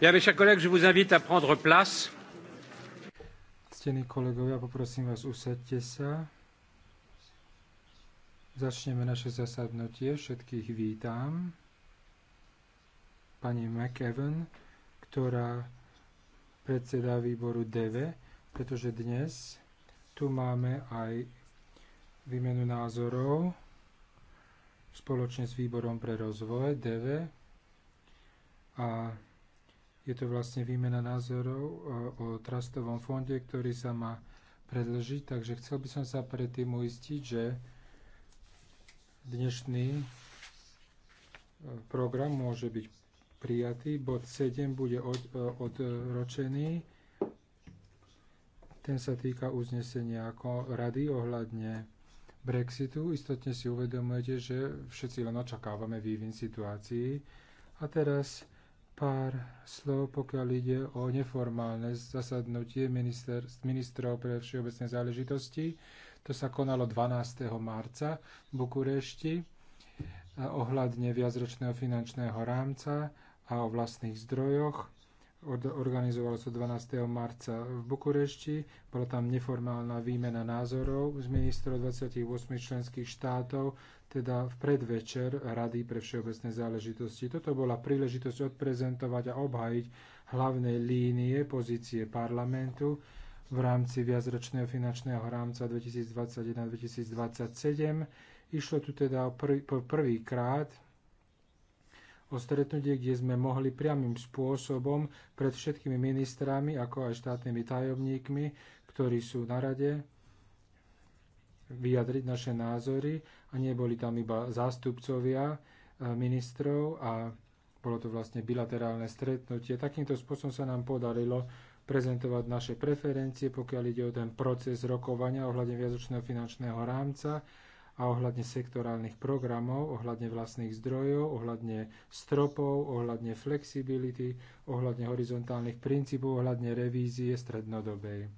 Bien, mes chers collègues, je vous invite à prendre place. Ctení kolegovia, poprosím vás, usaďte sa. Začneme naše zasadnutie. Všetkých vítam. Pani McEwen, ktorá predseda výboru DV, pretože dnes tu máme aj výmenu názorov spoločne s výborom pre rozvoj DV a je to vlastne výmena názorov o, e, o trustovom fonde, ktorý sa má predlžiť, takže chcel by som sa predtým uistiť, že dnešný e, program môže byť prijatý, bod 7 bude od, e, odročený, ten sa týka uznesenia ako rady ohľadne Brexitu. Istotne si uvedomujete, že všetci len očakávame vývin situácií. A teraz pár slov, pokiaľ ide o neformálne zasadnutie minister, ministrov pre všeobecné záležitosti. To sa konalo 12. marca v Bukurešti eh, ohľadne viacročného finančného rámca a o vlastných zdrojoch Organizovalo sa 12. marca v Bukurešti. Bola tam neformálna výmena názorov z ministrov 28 členských štátov, teda v predvečer Rady pre všeobecné záležitosti. Toto bola príležitosť odprezentovať a obhajiť hlavné línie pozície parlamentu v rámci viacročného finančného rámca 2021-2027. Išlo tu teda pr- prvýkrát o stretnutie, kde sme mohli priamým spôsobom pred všetkými ministrami, ako aj štátnymi tajomníkmi, ktorí sú na rade, vyjadriť naše názory a neboli tam iba zástupcovia e, ministrov a bolo to vlastne bilaterálne stretnutie. Takýmto spôsobom sa nám podarilo prezentovať naše preferencie, pokiaľ ide o ten proces rokovania ohľadne viazočného finančného rámca a ohľadne sektorálnych programov, ohľadne vlastných zdrojov, ohľadne stropov, ohľadne flexibility, ohľadne horizontálnych princípov, ohľadne revízie strednodobej.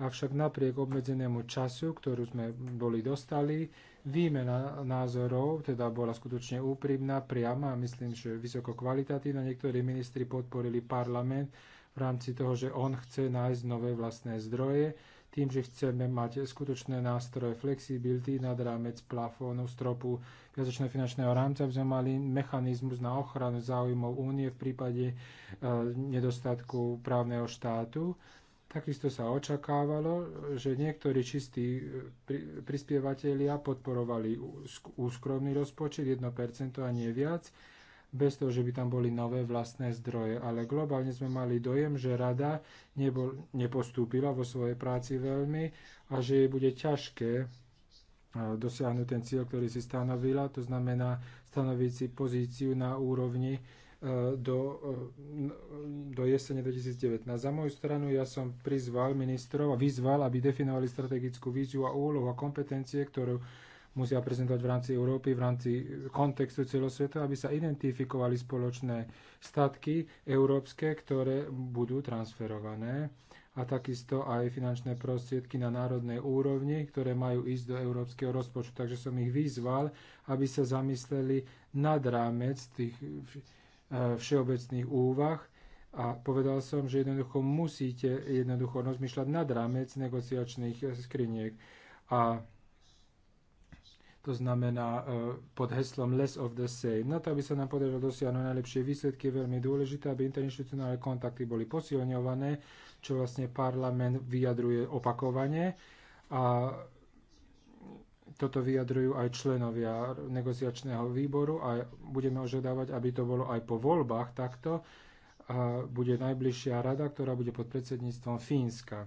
Avšak napriek obmedzenému času, ktorú sme boli dostali, výmena názorov teda bola skutočne úprimná, priama a myslím, že vysoko kvalitatívna. Niektorí ministri podporili parlament v rámci toho, že on chce nájsť nové vlastné zdroje tým, že chceme mať skutočné nástroje flexibility nad rámec plafónu, stropu viacočného finančného rámca, aby sme mali mechanizmus na ochranu záujmov únie v prípade e, nedostatku právneho štátu. Takisto sa očakávalo, že niektorí čistí e, prispievateľia podporovali úskromný rozpočet 1% a nie viac bez toho, že by tam boli nové vlastné zdroje. Ale globálne sme mali dojem, že rada nebol, nepostúpila vo svojej práci veľmi a že jej bude ťažké e, dosiahnuť ten cieľ, ktorý si stanovila, to znamená stanoviť si pozíciu na úrovni e, do, e, do jesene 2019. Za moju stranu ja som prizval ministrov a vyzval, aby definovali strategickú víziu a úlohu a kompetencie, ktorú musia prezentovať v rámci Európy, v rámci kontextu celosveta, aby sa identifikovali spoločné statky európske, ktoré budú transferované a takisto aj finančné prostriedky na národnej úrovni, ktoré majú ísť do európskeho rozpočtu. Takže som ich vyzval, aby sa zamysleli nad rámec tých eh, všeobecných úvah a povedal som, že jednoducho musíte jednoducho rozmýšľať nad rámec negociačných eh, skriniek. A to znamená e, pod heslom Less of the Same. Na to, aby sa nám podarilo dosiahnuť najlepšie výsledky, je veľmi dôležité, aby interinstitucionálne kontakty boli posilňované, čo vlastne parlament vyjadruje opakovane. A toto vyjadrujú aj členovia negociačného výboru a budeme ožadávať, aby to bolo aj po voľbách takto. A bude najbližšia rada, ktorá bude pod predsedníctvom Fínska.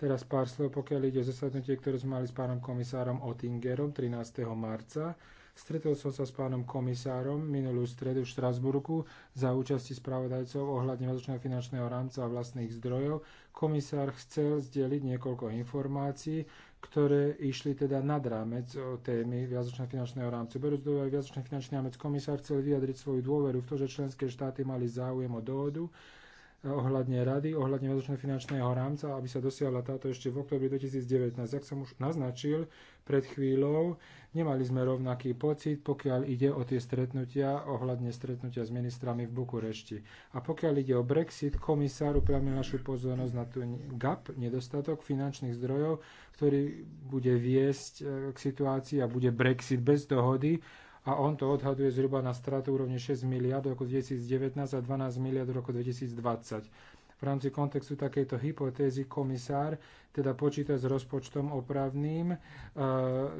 Teraz pár slov, pokiaľ ide o zasadnutie, ktoré sme mali s pánom komisárom Otingerom 13. marca. Stretol som sa s pánom komisárom minulú stredu v Štrasburku za účasti spravodajcov ohľadne vazočného finančného rámca a vlastných zdrojov. Komisár chcel zdieľiť niekoľko informácií, ktoré išli teda nad rámec o témy viazočného finančného rámcu. Berúc do viazočný finančný rámec, komisár chcel vyjadriť svoju dôveru v to, že členské štáty mali záujem o dohodu, ohľadne rady, ohľadne vedočného finančného rámca, aby sa dosiahla táto ešte v oktobri 2019. Jak som už naznačil pred chvíľou, nemali sme rovnaký pocit, pokiaľ ide o tie stretnutia, ohľadne stretnutia s ministrami v Bukurešti. A pokiaľ ide o Brexit, komisár upriamil našu pozornosť na ten gap, nedostatok finančných zdrojov, ktorý bude viesť eh, k situácii a bude Brexit bez dohody a on to odhaduje zhruba na stratu úrovne 6 miliard v roku 2019 a 12 miliard v roku 2020. V rámci kontextu takejto hypotézy komisár teda počíta s rozpočtom opravným e,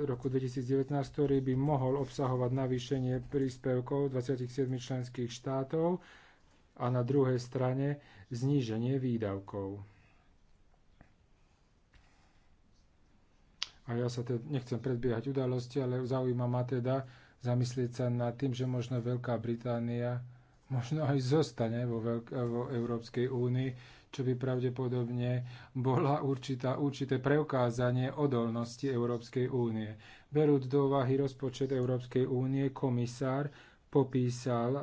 roku 2019, ktorý by mohol obsahovať navýšenie príspevkov 27 členských štátov a na druhej strane zníženie výdavkov. A ja sa teda nechcem predbiehať udalosti, ale zaujíma ma teda, zamyslieť sa nad tým, že možno Veľká Británia možno aj zostane vo, Veľk- vo Európskej únii, čo by pravdepodobne bola určitá, určité preukázanie odolnosti Európskej únie. Berúc do úvahy rozpočet Európskej únie, komisár popísal e,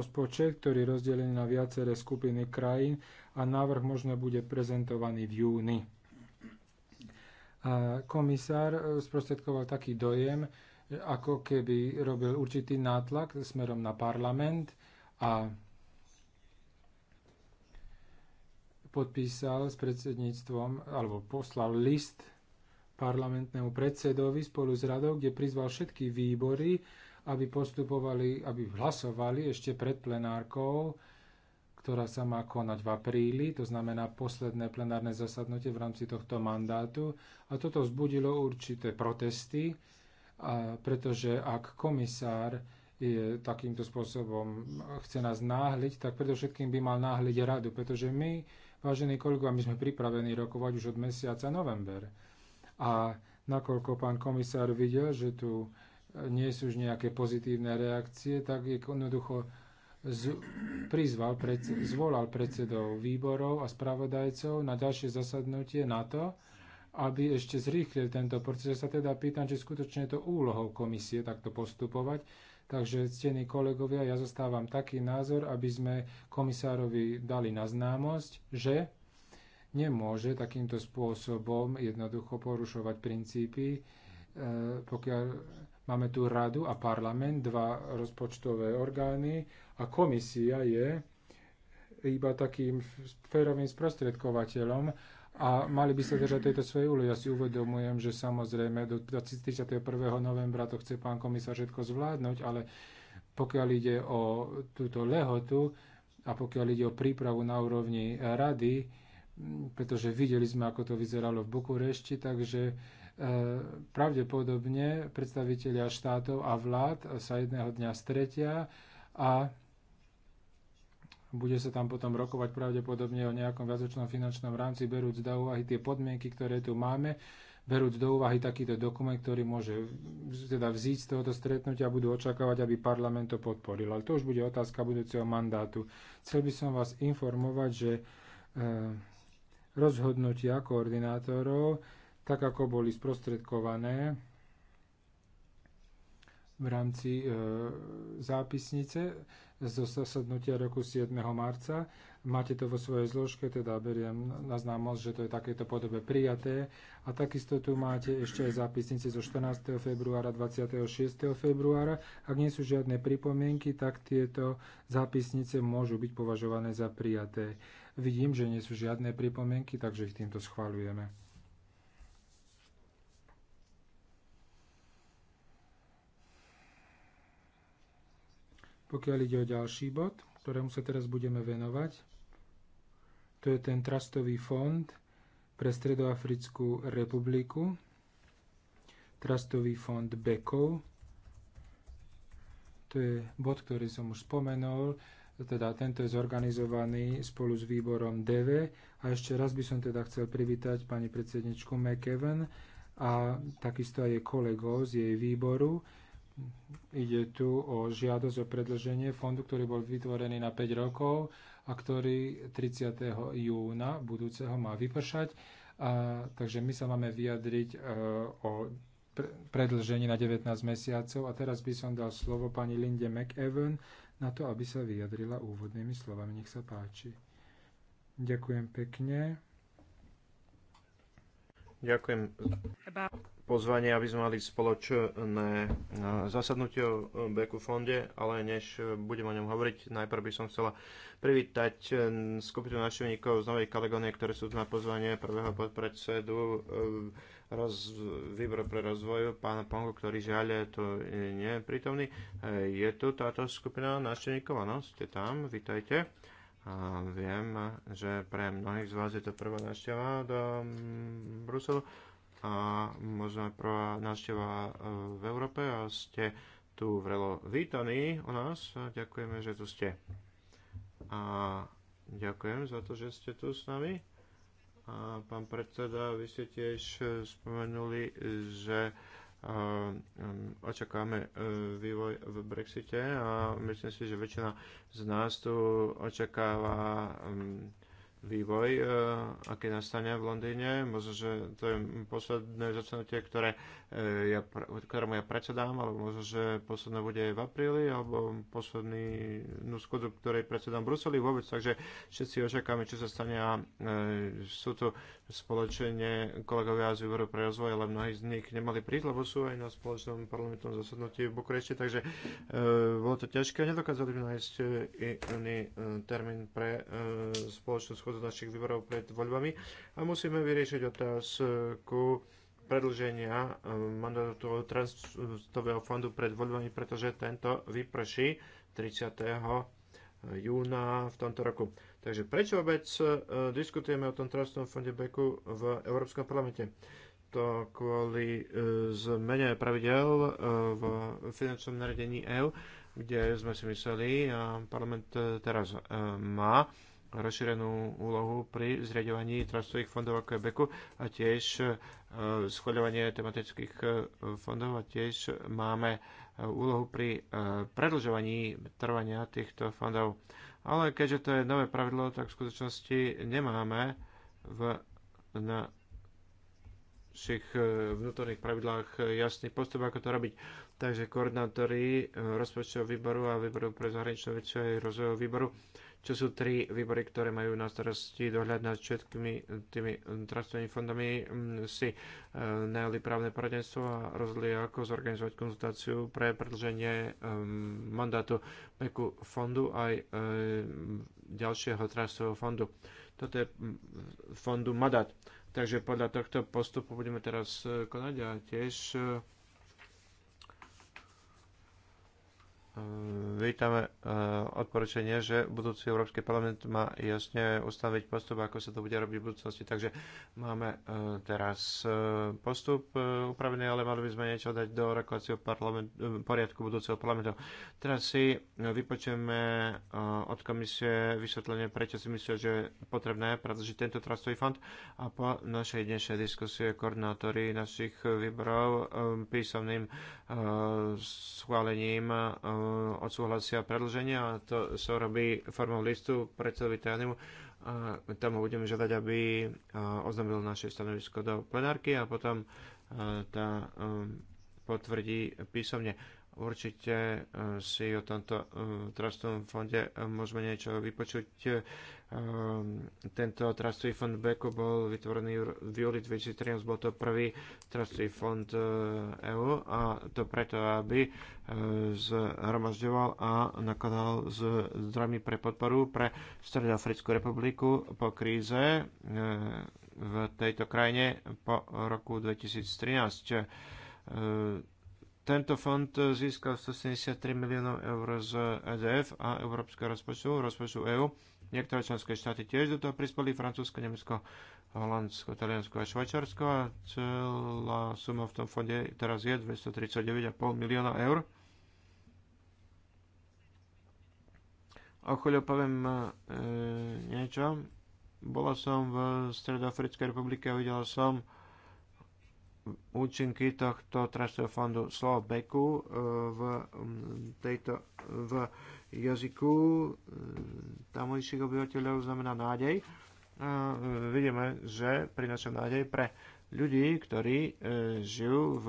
rozpočet, ktorý je rozdelený na viaceré skupiny krajín a návrh možno bude prezentovaný v júni. E, komisár eh, sprostredkoval taký dojem, ako keby robil určitý nátlak smerom na parlament a podpísal s predsedníctvom alebo poslal list parlamentnému predsedovi spolu s radou, kde prizval všetky výbory, aby postupovali, aby hlasovali ešte pred plenárkou, ktorá sa má konať v apríli, to znamená posledné plenárne zasadnutie v rámci tohto mandátu. A toto vzbudilo určité protesty a pretože ak komisár je takýmto spôsobom chce nás náhliť, tak predovšetkým by mal náhliť radu, pretože my, vážení kolegovia, my sme pripravení rokovať už od mesiaca november. A nakoľko pán komisár videl, že tu nie sú už nejaké pozitívne reakcie, tak jednoducho z, prizval, pred, zvolal predsedov výborov a spravodajcov na ďalšie zasadnutie na to, aby ešte zrýchlil tento proces. Ja sa teda pýtam, či skutočne je to úlohou komisie takto postupovať. Takže, ctení kolegovia, ja zostávam taký názor, aby sme komisárovi dali na známosť, že nemôže takýmto spôsobom jednoducho porušovať princípy, e, pokiaľ máme tu radu a parlament, dva rozpočtové orgány a komisia je iba takým férovým sprostredkovateľom a mali by sa držať tejto svojej úlohy. Ja si uvedomujem, že samozrejme do 31. novembra to chce pán komisár všetko zvládnuť, ale pokiaľ ide o túto lehotu a pokiaľ ide o prípravu na úrovni rady, pretože videli sme, ako to vyzeralo v Bukurešti, takže e, pravdepodobne predstavitelia štátov a vlád sa jedného dňa stretia a bude sa tam potom rokovať pravdepodobne o nejakom viacročnom finančnom rámci, berúc do úvahy tie podmienky, ktoré tu máme, berúc do úvahy takýto dokument, ktorý môže teda vzíť z tohoto stretnutia a budú očakávať, aby parlament to podporil. Ale to už bude otázka budúceho mandátu. Chcel by som vás informovať, že e, rozhodnutia koordinátorov, tak ako boli sprostredkované, v rámci e, zápisnice zo zasadnutia roku 7. marca. Máte to vo svojej zložke, teda beriem na známosť, že to je takéto podobe prijaté. A takisto tu máte ešte aj zápisnice zo 14. februára, 26. februára. Ak nie sú žiadne pripomienky, tak tieto zápisnice môžu byť považované za prijaté. Vidím, že nie sú žiadne pripomienky, takže ich týmto schváľujeme. Pokiaľ ide o ďalší bod, ktorému sa teraz budeme venovať, to je ten trastový fond pre Stredoafrickú republiku, trastový fond Bekov. To je bod, ktorý som už spomenul, teda tento je zorganizovaný spolu s výborom DV. A ešte raz by som teda chcel privítať pani predsedničku McEwen a takisto aj jej kolegov z jej výboru Ide tu o žiadosť o predlženie fondu, ktorý bol vytvorený na 5 rokov a ktorý 30. júna budúceho má vypršať. A, takže my sa máme vyjadriť e, o pre, predlžení na 19 mesiacov. A teraz by som dal slovo pani Linde McEwen na to, aby sa vyjadrila úvodnými slovami. Nech sa páči. Ďakujem pekne. Ďakujem za pozvanie, aby sme mali spoločné eh, zasadnutie o Beku fonde, ale než eh, budem o ňom hovoriť, najprv by som chcela privítať eh, skupinu návštevníkov z Novej Kalegónie, ktoré sú na pozvanie prvého podpredsedu roz, výbor pre rozvoj pána Pongo, ktorý žiaľ to nie je prítomný. Je tu táto skupina návštevníkov, áno, ste tam, vítajte. A viem, že pre mnohých z vás je to prvá návšteva do mm, Bruselu a možno prvá návšteva e, v Európe a ste tu vrelo vítaní u nás a ďakujeme, že tu ste. A ďakujem za to, že ste tu s nami. A pán predseda, vy ste tiež spomenuli, že Um, očakávame e, vývoj v Brexite a myslím si, že väčšina z nás tu očakáva um, vývoj, e, aký nastane v Londýne. Možno, že to je posledné zasadnutie, ktoré e, ja, ktorému ja predsedám, alebo možno, že posledné bude v apríli, alebo posledný no, skôdzu, ktorej predsedám v Bruseli vôbec. Takže všetci očakáme, čo sa stane a sú tu spoločne kolegovia z výboru pre rozvoj, ale mnohí z nich nemali prísť, lebo sú aj na spoločnom parlamentnom zasadnutí v Bukurešti, takže e, bolo to ťažké. Nedokázali nájsť e, iný e, termín pre e, spoločnú schodu našich výborov pred voľbami a musíme vyriešiť otázku predlženia e, mandátu transtového fondu pred voľbami, pretože tento vyprší 30. júna v tomto roku. Takže prečo vôbec e, diskutujeme o tom trastnom fonde Beku v Európskom parlamente? To kvôli e, zmene pravidel e, v finančnom naredení EÚ, kde sme si mysleli, a parlament teraz má rozšírenú úlohu pri zriadovaní trastových fondov ako Beku a tiež schváľovanie tematických fondov a tiež máme úlohu pri predlžovaní trvania týchto fondov. Ale keďže to je nové pravidlo, tak v skutočnosti nemáme v, na našich e, vnútorných pravidlách jasný postup, ako to robiť. Takže koordinátori e, rozpočtového výboru a výboru pre zahraničné veci aj rozvojového výboru čo sú tri výbory, ktoré majú na starosti dohľad nad všetkými tými trastovými fondami, si e, najali právne poradenstvo a rozhodli, ako zorganizovať konzultáciu pre predlženie e, mandátu MEKu fondu aj e, ďalšieho trastového fondu. Toto je fondu Madat. Takže podľa tohto postupu budeme teraz konať a tiež Ehm, vítame ehm, odporúčanie, že budúci Európsky parlament má jasne ustaviť postup, ako sa to bude robiť v budúcnosti. Takže máme ehm, teraz postup upravený, ale mali by sme niečo dať do rokovacieho poriadku budúceho parlamentu. Teraz si vypočujeme od komisie vysvetlenie, prečo si myslia, že je potrebné predlžiť tento trustový fond a po našej dnešnej diskusie koordinátori našich výborov písomným schválením odsúhlasia predlženie a to sa robí formou listu predsedovi Tajanimu a tam ho budeme žiadať, aby oznámil naše stanovisko do plenárky a potom tá potvrdí písomne. Určite si o tomto trastnom fonde môžeme niečo vypočuť Ehm, tento trustový fond BECO bol vytvorený v júli 2013, bol to prvý trustový fond EU e a to preto, aby e, zhromažďoval a nakladal s zdrojmi pre podporu pre Stredoafrickú republiku po kríze e, v tejto krajine po roku 2013 tento fond eh, získal 173 miliónov eur z EDF a Európskeho rozpočtu, rozpočtu EÚ. Niektoré členské štáty tiež do toho prispeli, Francúzsko, Nemecko, Holandsko, Taliansko a Švajčiarsko. A celá suma v tom fonde teraz je 239,5 milióna eur. O chvíľu poviem e, niečo. Bola som v Stredoafrickej republike a videla som účinky tohto trastového fondu slovo beku e, v, tejto, v jazyku e, tamojších obyvateľov znamená nádej. A e, vidíme, že prináša nádej pre ľudí, ktorí žijú v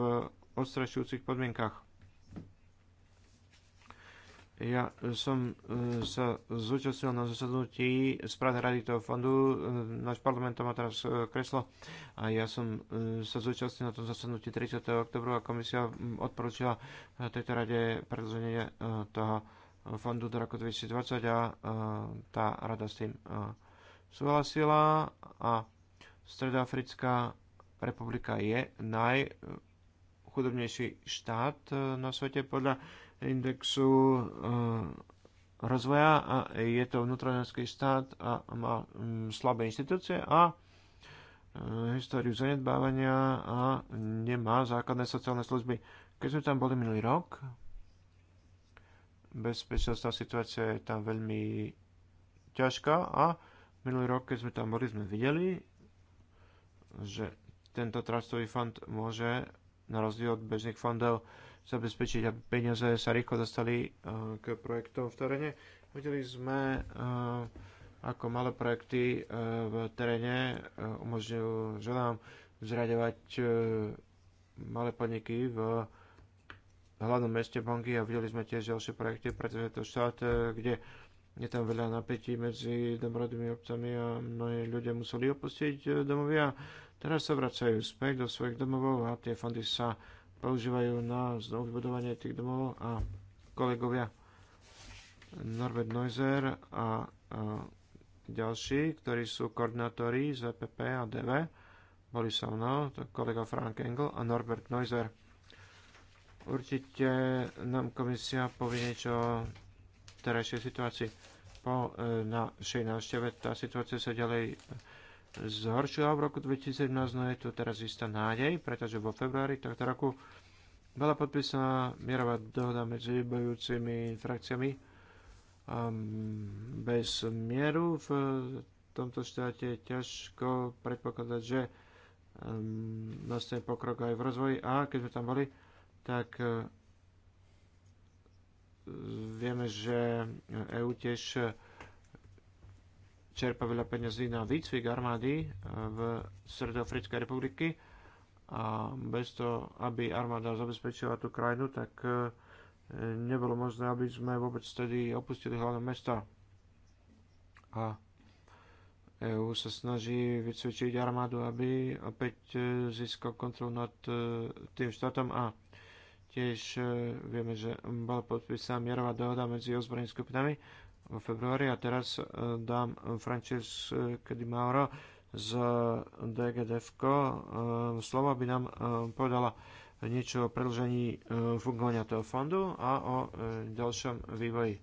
odstrašujúcich podmienkach. Ja som e, sa zúčastnil na zasadnutí správnej rady toho fondu. E, náš parlament má teraz e, kreslo a ja som sa zúčastnil na tom zasadnutí 30. oktobru a komisia odporúčila tejto rade predlženie toho fondu do roku 2020 a tá rada s tým súhlasila a Stredoafrická republika je najchudobnejší štát na svete podľa indexu eh, rozvoja a je to vnútrozemský štát a má mm, slabé inštitúcie a eh, históriu zanedbávania a nemá základné sociálne služby. Keď sme tam boli minulý rok, bezpečnostná situácia je tam veľmi ťažká a minulý rok, keď sme tam boli, sme videli, že tento trustový fond môže na rozdiel od bežných fondov zabezpečiť, aby peniaze sa rýchlo dostali e, k projektom v teréne. Videli sme, e, ako malé projekty e, v teréne umožňujú želám zraďovať malé podniky v hlavnom meste Bongi a videli sme tiež ďalšie projekty, pretože je to štát, kde je tam veľa napätí medzi domorodými obcami a mnohí ľudia museli opustiť domovia. Teraz sa vracajú späť do svojich domovov a tie fondy sa používajú na znovu vybudovanie tých domov a kolegovia Norbert Neuser a, a ďalší, ktorí sú koordinátori z EPP a DV, boli so mnou, to kolega Frank Engel a Norbert Neuser. Určite nám komisia povie niečo o terajšej situácii. Po e, našej návšteve tá situácia sa ďalej e, zhoršila v roku 2017, no je tu teraz istá nádej, pretože vo februári tohto roku bola podpísaná mierová dohoda medzi bojúcimi frakciami um, bez mieru v tomto štáte je ťažko predpokladať, že um, nastane pokrok aj v rozvoji a keď sme tam boli, tak uh, vieme, že EU tiež čerpa veľa peňazí na výcvik armády e, v Sredoafrickej republiky a bez toho, aby armáda zabezpečila tú krajinu, tak e, nebolo možné, aby sme vôbec vtedy opustili hlavné mesta. A EU sa snaží vycvičiť armádu, aby opäť e, získal kontrol nad tým štátom a tiež vieme, že bola podpísaná mierová dohoda medzi ozbrojenými skupinami v februári a teraz eh, dám Francesc Di Mauro z DGDFko eh, slovo, aby nám eh, povedala niečo o predlžení fungovania toho fondu a o ďalšom vývoji.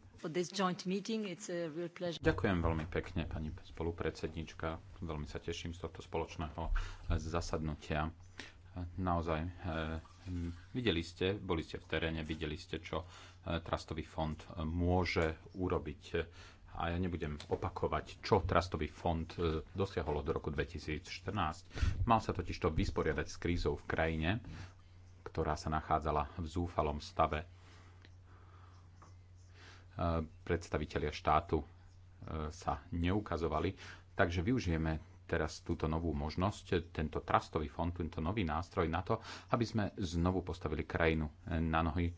Ďakujem veľmi pekne, pani spolupredsednička. Veľmi sa teším z tohto spoločného zasadnutia. Naozaj, videli ste, boli ste v teréne, videli ste, čo E, trastový fond e, môže urobiť. E, a ja nebudem opakovať, čo Trastový fond dosiahol od roku 2014. Mal sa totiž to vysporiadať s krízou v krajine, ktorá sa nachádzala v zúfalom stave. Predstavitelia štátu sa neukazovali, takže využijeme teraz túto novú možnosť, tento trastový fond, tento nový nástroj na to, aby sme znovu postavili krajinu na nohy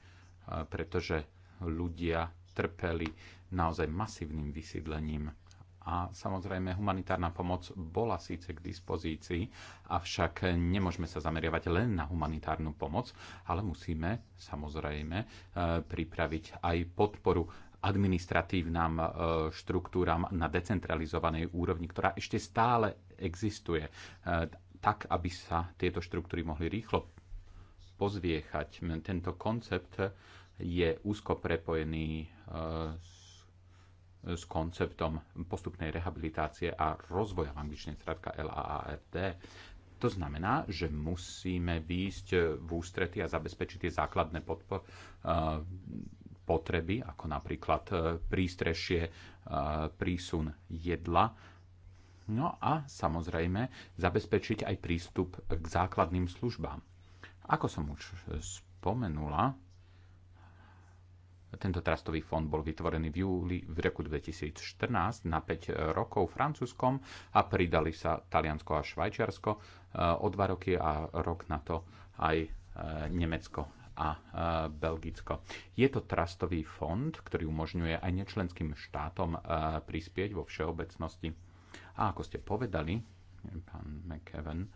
pretože ľudia trpeli naozaj masívnym vysídlením. A samozrejme, humanitárna pomoc bola síce k dispozícii, avšak nemôžeme sa zameriavať len na humanitárnu pomoc, ale musíme samozrejme e, pripraviť aj podporu administratívnam e, štruktúram na decentralizovanej úrovni, ktorá ešte stále existuje, e, tak aby sa tieto štruktúry mohli rýchlo pozviechať. Tento koncept je úzko prepojený e, s s konceptom postupnej rehabilitácie a rozvoja v angličtine skratka LAAFD. To znamená, že musíme výjsť v ústrety a zabezpečiť tie základné podpo- e, potreby, ako napríklad e, prístrešie, prísun jedla, no a samozrejme zabezpečiť aj prístup k základným službám. Ako som už spomenula, tento trastový fond bol vytvorený v júli v roku 2014 na 5 rokov francúzskom a pridali sa Taliansko a Švajčiarsko e, o 2 roky a rok na to aj e, Nemecko a e, Belgicko. Je to trastový fond, ktorý umožňuje aj nečlenským štátom prispieť vo všeobecnosti. A ako ste povedali, pán McEwen,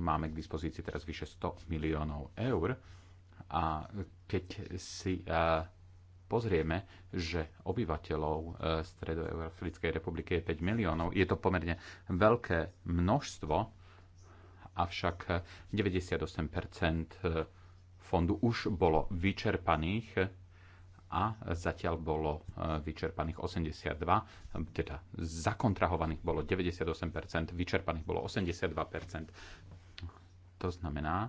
Máme k dispozícii teraz vyše 100 miliónov eur a keď si e, pozrieme, že obyvateľov e, Stredoeurofilickej republiky je 5 miliónov, je to pomerne veľké množstvo, avšak 98% e, fondu už bolo vyčerpaných a zatiaľ bolo vyčerpaných 82, teda zakontrahovaných bolo 98%, vyčerpaných bolo 82%. To znamená,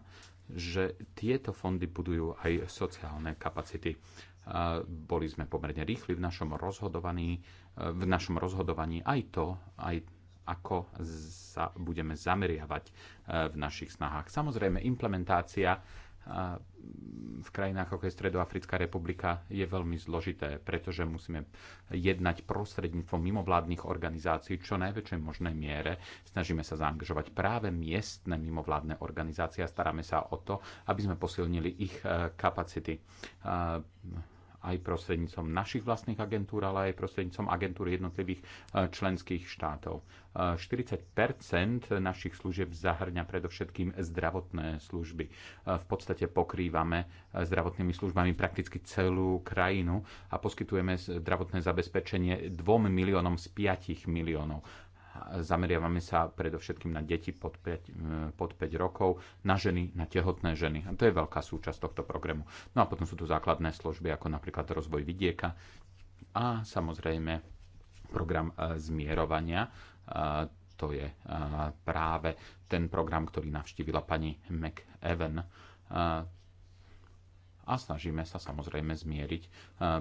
že tieto fondy budujú aj sociálne kapacity. Boli sme pomerne rýchli v našom rozhodovaní, e, v našom rozhodovaní aj to, aj ako sa budeme zameriavať e, v našich snahách. Samozrejme, implementácia v krajinách ako je Stredoafrická republika je veľmi zložité, pretože musíme jednať prostredníctvom mimovládnych organizácií čo najväčšej možnej miere. Snažíme sa zaangažovať práve miestne mimovládne organizácie a staráme sa o to, aby sme posilnili ich eh, kapacity eh, aj prostrednícom našich vlastných agentúr, ale aj prostrednícom agentúr jednotlivých e, členských štátov. 40 e, našich služieb zahrňa predovšetkým zdravotné služby. E, v podstate pokrývame zdravotnými službami prakticky celú krajinu a poskytujeme zdravotné zabezpečenie 2 miliónom z 5 miliónov zameriavame sa predovšetkým na deti pod 5, e, pod 5 rokov, na ženy, na tehotné ženy. A to je veľká súčasť tohto programu. No a potom sú tu základné služby, ako napríklad rozvoj vidieka a samozrejme program e, zmierovania. E, to je práve ten program, ktorý navštívila pani McEwen a snažíme sa samozrejme zmieriť e,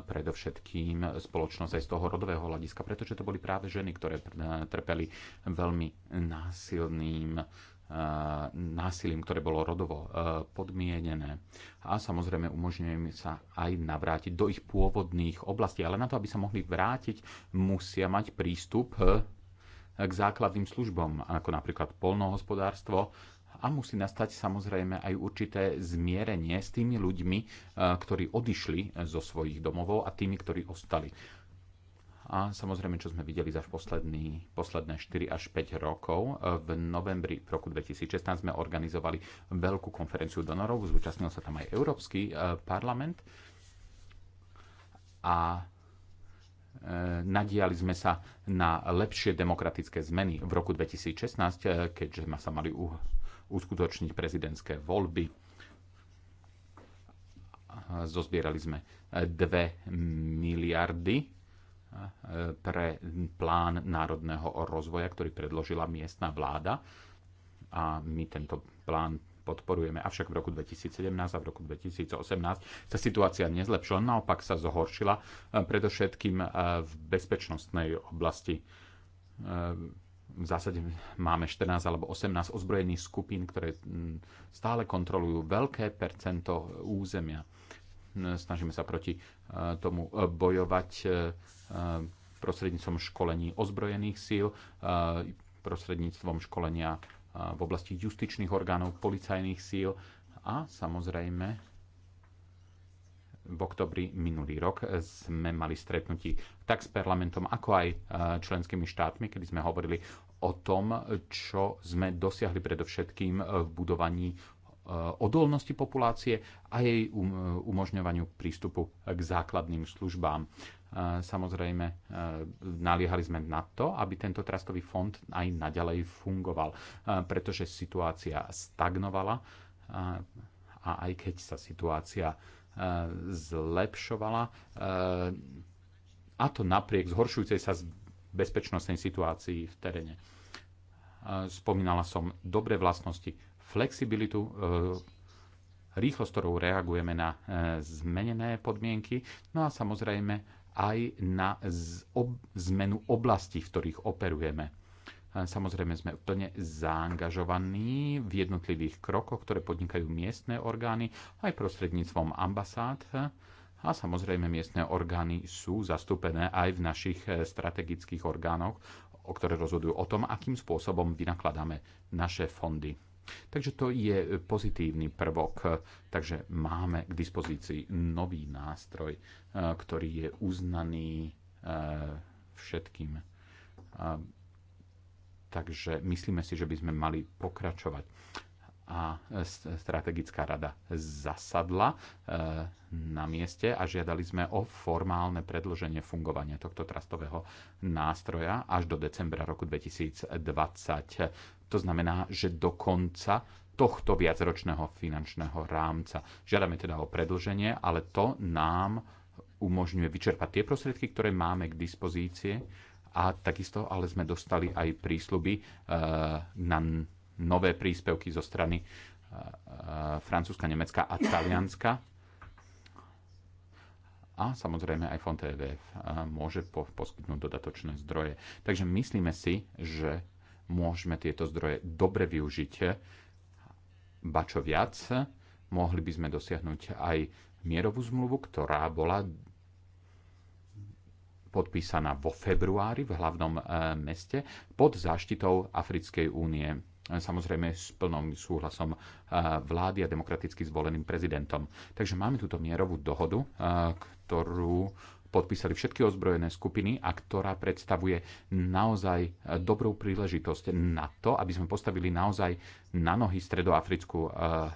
predovšetkým spoločnosť aj z toho rodového hľadiska, pretože to boli práve ženy, ktoré trpeli veľmi násilným e, násilím, ktoré bolo rodovo e, podmienené. A samozrejme umožňuje im sa aj navrátiť do ich pôvodných oblastí. Ale na to, aby sa mohli vrátiť, musia mať prístup k základným službom, ako napríklad polnohospodárstvo a musí nastať samozrejme aj určité zmierenie s tými ľuďmi, e, ktorí odišli e, zo svojich domovov a tými, ktorí ostali. A samozrejme, čo sme videli za posledný, posledné 4 až 5 rokov, e, v novembri roku 2016 sme organizovali veľkú konferenciu donorov, zúčastnil sa tam aj Európsky parlament a nadiali sme sa na lepšie demokratické zmeny v roku 2016, keďže sa mali uskutočniť prezidentské voľby. Zozbierali sme 2 miliardy e, pre plán národného rozvoja, ktorý predložila miestna vláda. A my tento plán podporujeme. Avšak v roku 2017 a v roku 2018 sa situácia nezlepšila, naopak sa zhoršila e, predovšetkým e, v bezpečnostnej oblasti v zásade máme 14 alebo 18 ozbrojených skupín, ktoré mm, stále kontrolujú veľké percento územia. No, snažíme sa proti e, tomu e, bojovať e, prostredníctvom školení ozbrojených síl, prostredníctvom školenia v oblasti justičných orgánov, policajných síl a samozrejme v oktobri minulý rok sme mali stretnutí tak s parlamentom, ako aj e, členskými štátmi, kedy sme hovorili o tom, čo sme dosiahli predovšetkým v budovaní e, odolnosti populácie a jej um, umožňovaniu prístupu k základným službám. E, samozrejme, naliehali sme na to, aby tento trastový fond aj naďalej fungoval, pretože situácia stagnovala a aj keď sa situácia E, zlepšovala e, a to napriek zhoršujúcej sa bezpečnostnej situácii v teréne. E, spomínala som dobré vlastnosti, flexibilitu, rýchlosť, ktorou reagujeme na zmenené podmienky, no a samozrejme aj na zmenu oblasti, v ktorých operujeme Samozrejme sme plne zaangažovaní v jednotlivých krokoch, ktoré podnikajú miestne orgány aj prostredníctvom ambasád. A samozrejme miestne orgány sú zastúpené aj v našich eh, strategických orgánoch, o ktoré rozhodujú o tom, akým spôsobom vynakladáme naše fondy. Takže to je eh, pozitívny prvok. Takže máme k dispozícii nový nástroj, eh, ktorý je uznaný všetkým Takže myslíme si, že by sme mali pokračovať. A strategická rada zasadla e, na mieste a žiadali sme o formálne predloženie fungovania tohto trastového nástroja až do decembra roku 2020. To znamená, že do konca tohto viacročného finančného rámca. Žiadame teda o predlženie, ale to nám umožňuje vyčerpať tie prostriedky, ktoré máme k dispozícii a takisto ale sme dostali aj prísľuby eh, na nové príspevky zo strany eh, eh, Francúzska, Nemecka a Talianska. A samozrejme aj Fond EDF môže poskytnúť dodatočné zdroje. Takže myslíme si, že môžeme tieto zdroje dobre využiť, ba čo viac, mohli by sme dosiahnuť aj mierovú zmluvu, ktorá bola podpísaná vo februári v hlavnom e, meste pod záštitou Africkej únie samozrejme s plným súhlasom e, vlády a demokraticky zvoleným prezidentom. Takže máme túto mierovú dohodu, e, ktorú podpísali všetky ozbrojené skupiny a ktorá predstavuje naozaj dobrú príležitosť na to, aby sme postavili naozaj na nohy Stredoafrickú eh, eh,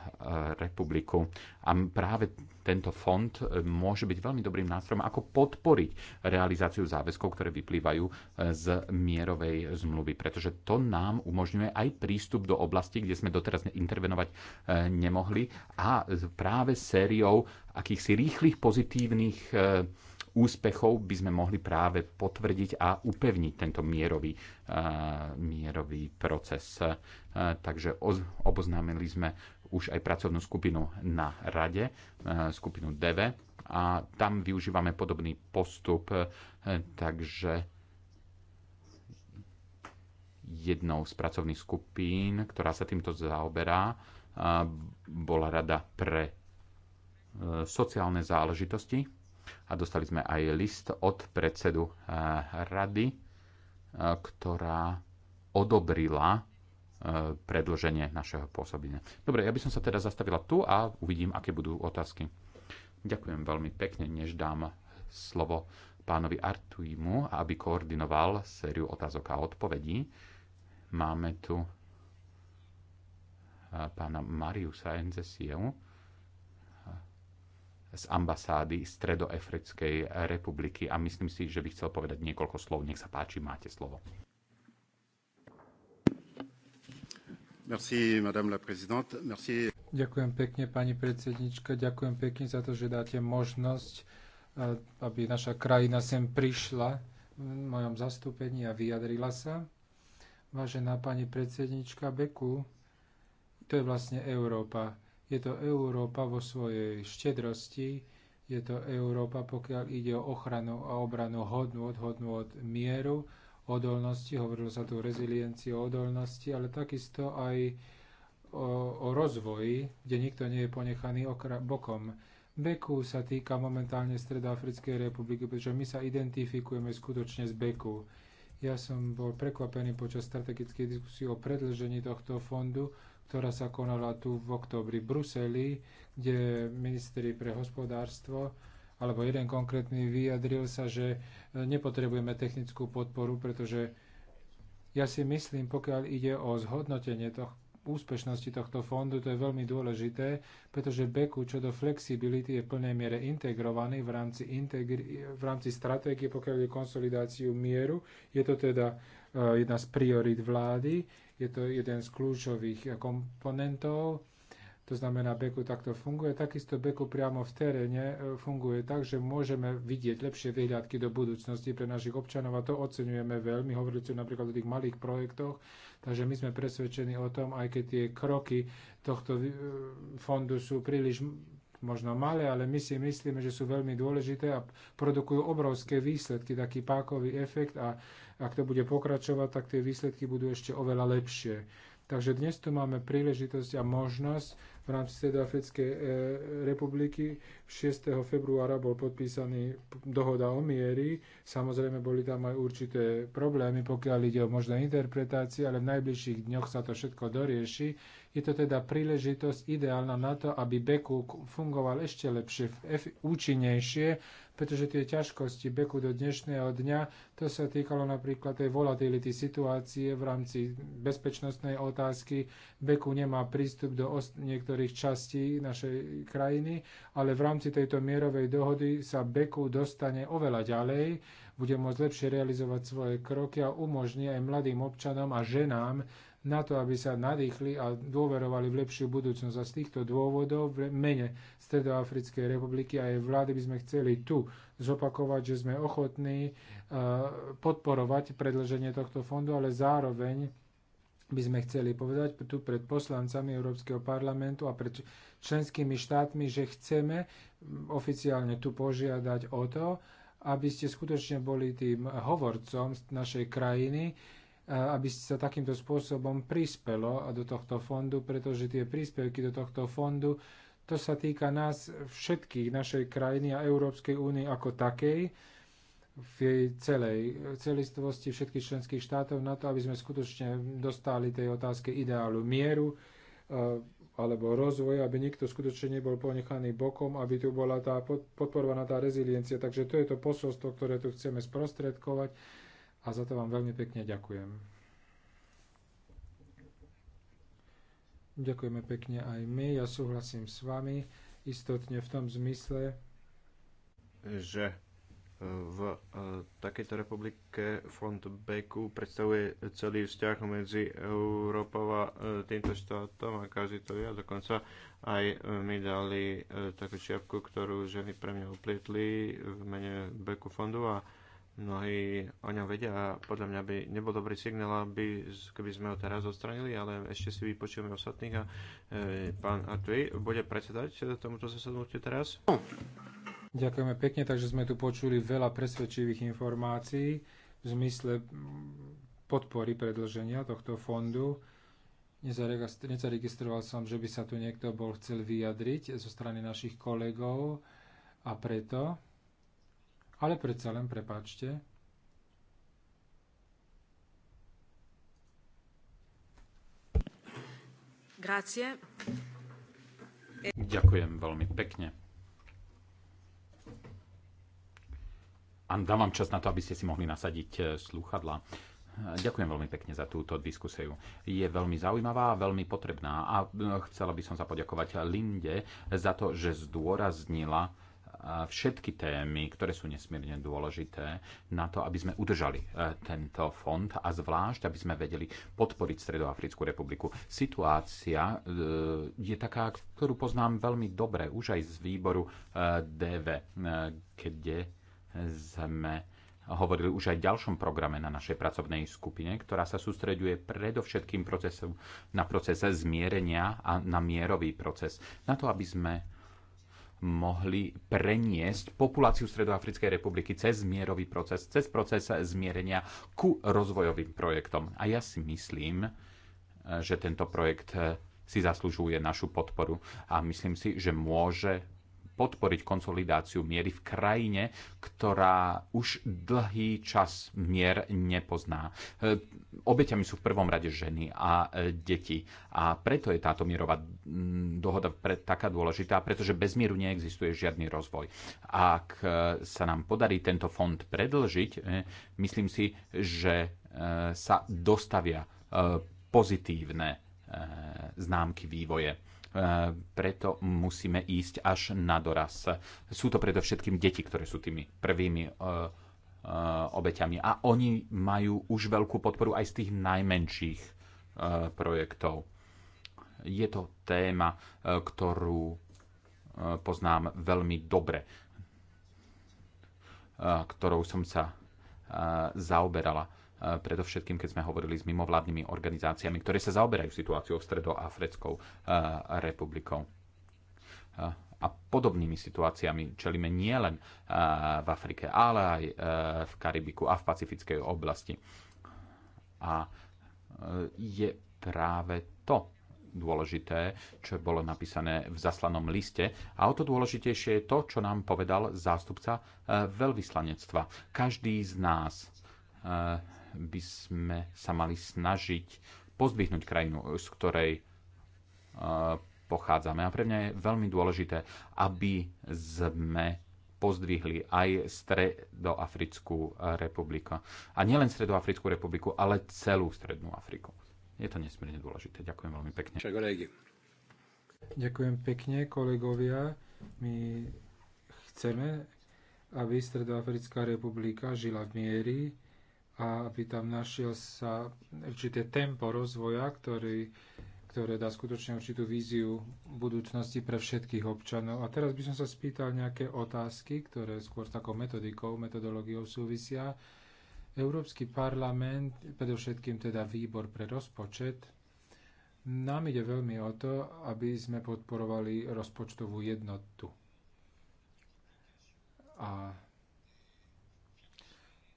republiku. A práve tento fond eh, môže byť veľmi dobrým nástrojom, ako podporiť realizáciu záväzkov, ktoré vyplývajú z mierovej zmluvy, pretože to nám umožňuje aj prístup do oblasti, kde sme doteraz intervenovať nemohli a práve sériou akýchsi rýchlych pozitívnych úspechov by sme mohli práve potvrdiť a upevniť tento mierový, mierový proces. Takže oboznámili sme už aj pracovnú skupinu na rade, skupinu DEVE a tam využívame podobný postup, takže jednou z pracovných skupín, ktorá sa týmto zaoberá, bola rada pre e, sociálne záležitosti a dostali sme aj list od predsedu eh, rady, eh, ktorá odobrila eh, predlženie našeho pôsobenia. Dobre, ja by som sa teda zastavila tu a uvidím, aké budú otázky. Ďakujem veľmi pekne, než dám slovo pánovi Artuimu, aby koordinoval sériu otázok a odpovedí. Máme tu pána Mariusa Enzesieu, z ambasády Stredoafrickej republiky a myslím si, že by chcel povedať niekoľko slov. Nech sa páči, máte slovo. Merci, madame la présidente. Merci. Ďakujem pekne, pani predsednička. Ďakujem pekne za to, že dáte možnosť, eh, aby naša krajina sem prišla v mojom zastúpení a vyjadrila sa. Vážená pani predsednička Beku, to je vlastne Európa je to Európa vo svojej štedrosti, je to Európa, pokiaľ ide o ochranu a obranu hodnú od mieru, odolnosti, hovorilo sa tu o reziliencii, o odolnosti, ale takisto aj o, o rozvoji, kde nikto nie je ponechaný okra- bokom. Beku sa týka momentálne Stredoafrickej republiky, pretože my sa identifikujeme skutočne s Beku. Ja som bol prekvapený počas strategickej diskusie o predlžení tohto fondu, ktorá sa konala tu v oktobri v Bruseli, kde ministri pre hospodárstvo alebo jeden konkrétny vyjadril sa, že e, nepotrebujeme technickú podporu, pretože ja si myslím, pokiaľ ide o zhodnotenie toh, úspešnosti tohto fondu, to je veľmi dôležité, pretože Beku čo do flexibility je v plnej miere integrovaný v rámci, integri- v rámci stratégie, pokiaľ je konsolidáciu mieru. Je to teda Eh, jedna z priorit vlády, je to jeden z kľúčových eh, komponentov, to znamená, Beku takto funguje. Takisto Beku priamo v teréne eh, funguje tak, že môžeme vidieť lepšie vyhľadky do budúcnosti pre našich občanov a to oceňujeme veľmi. Hovorili ste napríklad o tých malých projektoch, takže my sme presvedčení o tom, aj keď tie kroky tohto fondu sú príliš možno malé, ale my si myslíme, že sú veľmi dôležité a produkujú obrovské výsledky, taký pákový efekt a ak to bude pokračovať, tak tie výsledky budú ešte oveľa lepšie. Takže dnes tu máme príležitosť a možnosť v rámci Stredoafrickej e, republiky 6. februára bol podpísaný dohoda o miery. Samozrejme boli tam aj určité problémy, pokiaľ ide o možné interpretácie, ale v najbližších dňoch sa to všetko dorieši. Je to teda príležitosť ideálna na to, aby Beku fungoval ešte lepšie, účinnejšie, pretože tie ťažkosti Beku do dnešného dňa, to sa týkalo napríklad tej volatility situácie v rámci bezpečnostnej otázky. Beku nemá prístup do niektorých častí našej krajiny, ale v rámci tejto mierovej dohody sa Beku dostane oveľa ďalej, bude môcť lepšie realizovať svoje kroky a umožní aj mladým občanom a ženám na to, aby sa nadýchli a dôverovali v lepšiu budúcnosť. A z týchto dôvodov v mene Stredoafrickej republiky a jej vlády by sme chceli tu zopakovať, že sme ochotní e, podporovať predlženie tohto fondu, ale zároveň by sme chceli povedať tu pred poslancami Európskeho parlamentu a pred členskými štátmi, že chceme oficiálne tu požiadať o to, aby ste skutočne boli tým hovorcom našej krajiny, aby sa takýmto spôsobom prispelo do tohto fondu, pretože tie príspevky do tohto fondu, to sa týka nás všetkých, našej krajiny a Európskej únie ako takej, v jej celej celistvosti všetkých členských štátov na to, aby sme skutočne dostali tej otázke ideálu mieru e, alebo rozvoja, aby nikto skutočne nebol ponechaný bokom, aby tu bola tá podporovaná tá reziliencia. Takže to je to posolstvo, ktoré tu chceme sprostredkovať a za to vám veľmi pekne ďakujem. Ďakujeme pekne aj my, ja súhlasím s vami, istotne v tom zmysle, že e, v e, takejto republike Front Beku predstavuje celý vzťah medzi Európou a e, týmto štátom a každý to vie. A dokonca aj mi dali takú čiapku, ktorú ženy pre mňa uplietli v mene Beku fondu a mnohí o ňom vedia a podľa mňa by nebol dobrý signál, aby, keby sme ho teraz odstranili, ale ešte si vypočujeme ostatných a e, pán Artui bude predsedať tomuto zasadnutiu teraz. Ďakujeme pekne, takže sme tu počuli veľa presvedčivých informácií v zmysle podpory predlženia tohto fondu. Nezaregistroval som, že by sa tu niekto bol chcel vyjadriť zo strany našich kolegov a preto ale predsa len, prepáčte. Grazie. Ďakujem veľmi pekne. A vám čas na to, aby ste si mohli nasadiť e, slúchadla. E, ďakujem veľmi pekne za túto diskusiu. Je veľmi zaujímavá a veľmi potrebná. A e, chcela by som sa poďakovať Linde za to, že zdôraznila všetky témy, ktoré sú nesmierne dôležité na to, aby sme udržali e, tento fond a zvlášť, aby sme vedeli podporiť Stredoafrickú republiku. Situácia e, je taká, ktorú poznám veľmi dobre už aj z výboru e, DV, kde sme hovorili už aj v ďalšom programe na našej pracovnej skupine, ktorá sa sústreďuje predovšetkým procesu, na proces zmierenia a na mierový proces, na to, aby sme mohli preniesť populáciu Stredoafrickej republiky cez mierový proces, cez proces zmierenia ku rozvojovým projektom. A ja si myslím, že tento projekt si zaslúžuje našu podporu a myslím si, že môže podporiť konsolidáciu miery v krajine, ktorá už dlhý čas mier nepozná. E, obeťami sú v prvom rade ženy a e, deti. A preto je táto mierová dohoda taká dôležitá, pretože bez mieru neexistuje žiadny rozvoj. Ak e, sa nám podarí tento fond predlžiť, myslím si, že sa dostavia pozitívne známky vývoje E, preto musíme ísť až na doraz. Sú to predovšetkým deti, ktoré sú tými prvými e, e, obeťami a oni majú už veľkú podporu aj z tých najmenších projektov. Je to téma, ktorú poznám veľmi dobre, ktorou som sa zaoberala predovšetkým keď sme hovorili s mimovládnymi organizáciami, ktoré sa zaoberajú situáciou Stredoafrickou e, republikou. E, a podobnými situáciami čelíme nielen e, v Afrike, ale aj v Karibiku a v pacifickej oblasti. A je práve to dôležité, čo bolo napísané v zaslanom liste. A o to dôležitejšie je to, čo nám povedal zástupca veľvyslanectva. Každý z nás by sme sa mali snažiť pozdvihnúť krajinu, z ktorej e, pochádzame. A pre mňa je veľmi dôležité, aby sme pozdvihli aj Stredoafrickú republiku. A nielen Stredoafrickú republiku, ale celú Strednú Afriku. Je to nesmierne dôležité. Ďakujem veľmi pekne. Ďakujem pekne, kolegovia. My chceme, aby Stredoafrická republika žila v miery, a aby tam našiel sa určité tempo rozvoja, ktorý, ktoré dá skutočne určitú víziu budúcnosti pre všetkých občanov. A teraz by som sa spýtal nejaké otázky, ktoré skôr s takou metodikou, metodológiou súvisia. Európsky parlament, predovšetkým teda výbor pre rozpočet, nám ide veľmi o to, aby sme podporovali rozpočtovú jednotu. A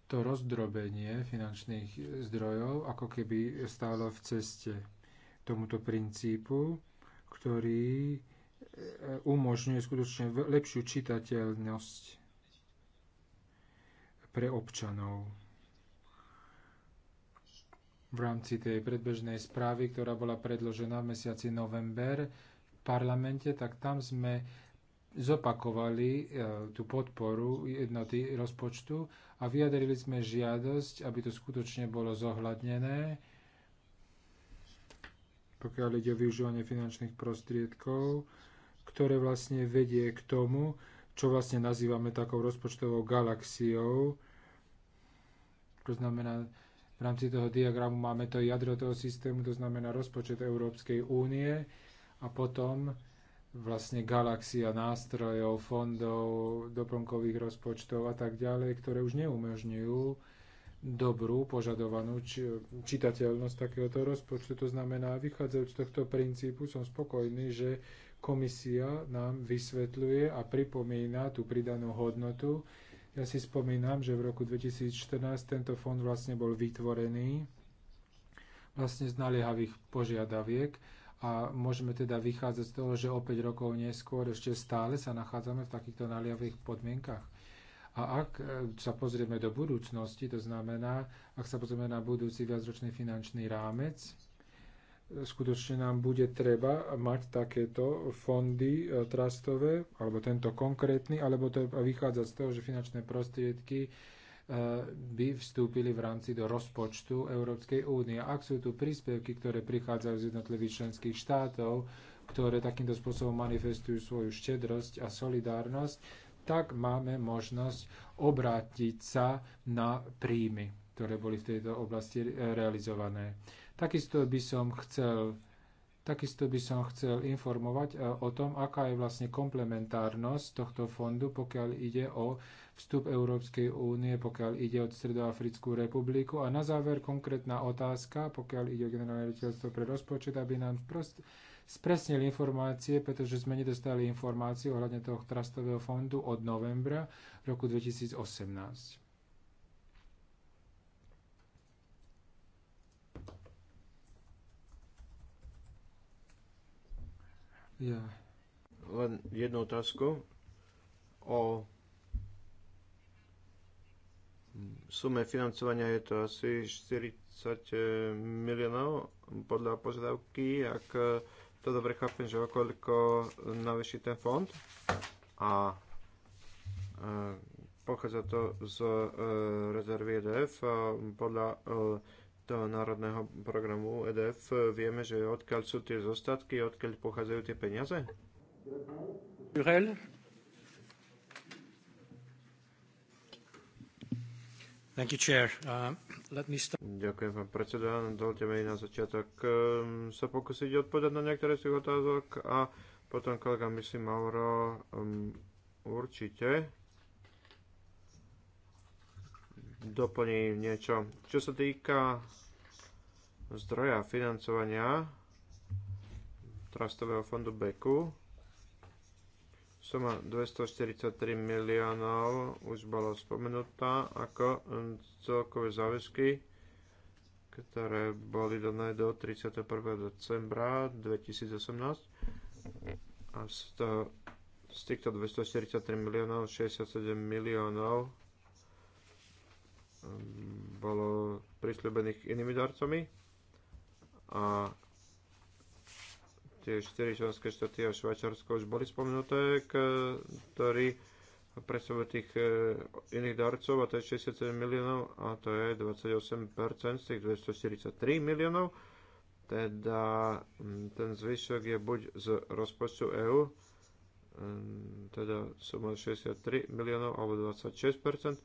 to rozdrobenie finančných zdrojov ako keby stálo v ceste tomuto princípu, ktorý e, umožňuje skutočne lepšiu čitateľnosť pre občanov. V rámci tej predbežnej správy, ktorá bola predložená v mesiaci november v parlamente, tak tam sme zopakovali e, tú podporu jednoty rozpočtu a vyjadrili sme žiadosť, aby to skutočne bolo zohľadnené, pokiaľ ide o využívanie finančných prostriedkov, ktoré vlastne vedie k tomu, čo vlastne nazývame takou rozpočtovou galaxiou. To znamená, v rámci toho diagramu máme to jadro toho systému, to znamená rozpočet Európskej únie a potom vlastne galaxia nástrojov, fondov, doplnkových rozpočtov a tak ďalej, ktoré už neumožňujú dobrú, požadovanú či, čitateľnosť takéhoto rozpočtu. To znamená, vychádzajúc z tohto princípu, som spokojný, že komisia nám vysvetľuje a pripomína tú pridanú hodnotu. Ja si spomínam, že v roku 2014 tento fond vlastne bol vytvorený vlastne z naliehavých požiadaviek a môžeme teda vychádzať z toho, že o 5 rokov neskôr ešte stále sa nachádzame v takýchto naliavých podmienkach. A ak e, sa pozrieme do budúcnosti, to znamená, ak sa pozrieme na budúci viacročný finančný rámec, e, skutočne nám bude treba mať takéto fondy e, trastové, alebo tento konkrétny, alebo to vychádza z toho, že finančné prostriedky E, by vstúpili v rámci do rozpočtu Európskej únie. Ak sú tu príspevky, ktoré prichádzajú z jednotlivých členských štátov, ktoré takýmto spôsobom manifestujú svoju štedrosť a solidárnosť, tak máme možnosť obrátiť sa na príjmy, ktoré boli v tejto oblasti realizované. Takisto by som chcel Takisto by som chcel informovať e, o tom, aká je vlastne komplementárnosť tohto fondu, pokiaľ ide o vstup Európskej únie, pokiaľ ide o Stredoafrickú republiku. A na záver konkrétna otázka, pokiaľ ide o generálne riaditeľstvo pre rozpočet, aby nám prost spresnili informácie, pretože sme nedostali informácie ohľadne toho trastového fondu od novembra roku 2018. Ja. Len jednu otázku o sume financovania je to asi 40 e, miliónov podľa požiadavky, ak e, to dobre chápem, že okoľko navýši ten fond a e, pochádza to z rezervy EDF podľa toho národného programu EDF vieme, že odkiaľ sú tie zostatky, odkiaľ pochádzajú tie peniaze? Jurel? Thank you, Chair. Uh, let me start. Ďakujem, pán predseda. Dovolte mi na začiatok um, sa pokúsiť odpovedať na niektoré z tých otázok a potom kolega, myslím, Mauro, um, určite doplním niečo. Čo sa týka zdroja financovania Trastového fondu Beku, suma 243 miliónov už bola spomenutá ako celkové záväzky, ktoré boli dané do 31. decembra 2018 a z, z týchto 243 miliónov 67 miliónov bolo prisľúbených inými darcami a tie štyri členské štáty a Švajčarsko už boli spomenuté, ktorí predstavujú tých e, iných darcov a to je 67 miliónov a to je 28% z tých 243 miliónov. Teda ten zvyšok je buď z rozpočtu EÚ, teda suma 63 miliónov alebo 26%,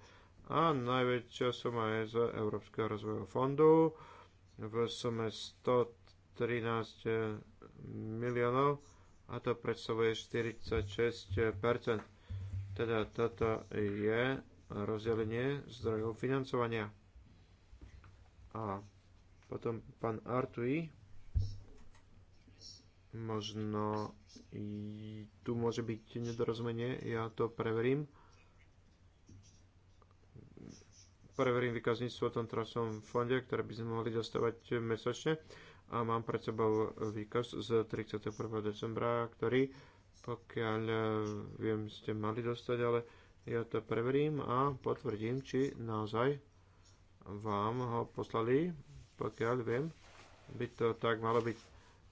a najväčšia suma je z Európskeho rozvojového fondu v sume 113 miliónov a to predstavuje 46 Teda toto je rozdelenie zdrojov financovania. A potom pán Artui možno tu môže byť nedorozumenie, ja to preverím. preverím výkazníctvo o tom trasovom fonde, ktoré by sme mohli dostávať mesačne a mám pred sebou výkaz z 31. decembra, ktorý pokiaľ eh, viem, ste mali dostať, ale ja to preverím a potvrdím, či naozaj vám ho poslali, pokiaľ viem, by to tak malo byť